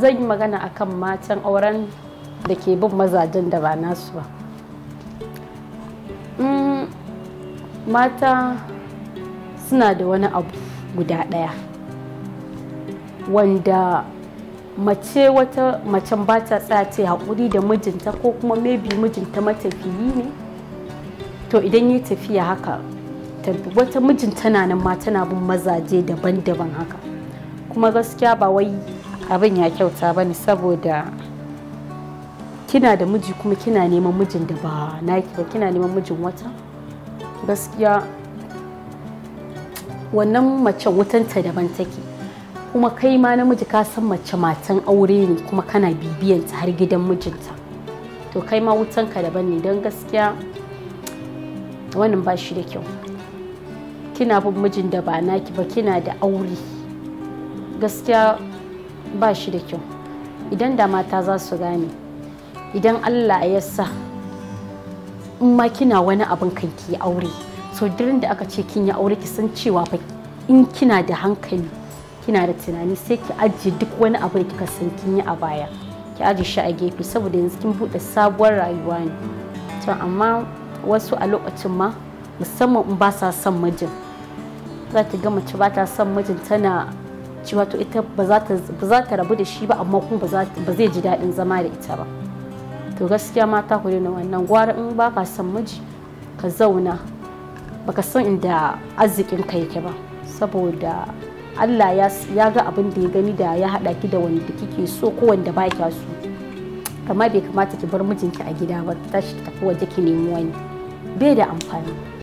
zan yi magana akan matan auren da ke bin mazajen da ba nasu ba mm, mata suna da wani abu guda ɗaya wanda mace wata macen ba ta tsaya ce haƙuri da mijinta ko kuma maybe mijinta matafiyi ne to idan yi tafiya haka wata mijin tana nan ma tana bin mazaje daban-daban haka kuma gaskiya ba wai abin ya kyauta bane saboda kina da miji kuma kina neman mijin da ba naki ba kina neman mijin wata gaskiya wannan macen wutanta daban take kuma kai ma namiji ka san mace matan aure ne kuma kana bibiyanta har gidan mijinta to kai ma wutanka daban ne don gaskiya wannan ba shi da kyau kina bin mijin da ba naki ba kina da aure gaskiya ba shi da kyau idan da mata za su gane idan allah ya sa in ma kina wani abin kan ki aure so dirin da aka ce kin yi aure ki san cewa fa in kina da hankali kina da tunani sai ki ajiye duk wani abu da kika san kin yi a baya ki ajiye shi a gefe saboda yanzu kin bude sabuwar rayuwa ne to amma wasu a lokacin ma musamman in ba sa son mijin za ta ga mace ba ta son mijin tana cewa to ita ba za ta rabu da shi ba amma kuma ba zai ji daɗin zama da ita ba to gaskiya mata ku daina wannan gwara in ba ka san miji ka zauna baka san inda arzikin ka yake ba saboda Allah ya ga abin da ya gani da ya haɗa ki da wanda kike so ko wanda ba kya so amma bai kamata ki bar mijinki a gida ba tashi tafi waje ki nemi wani bai da amfani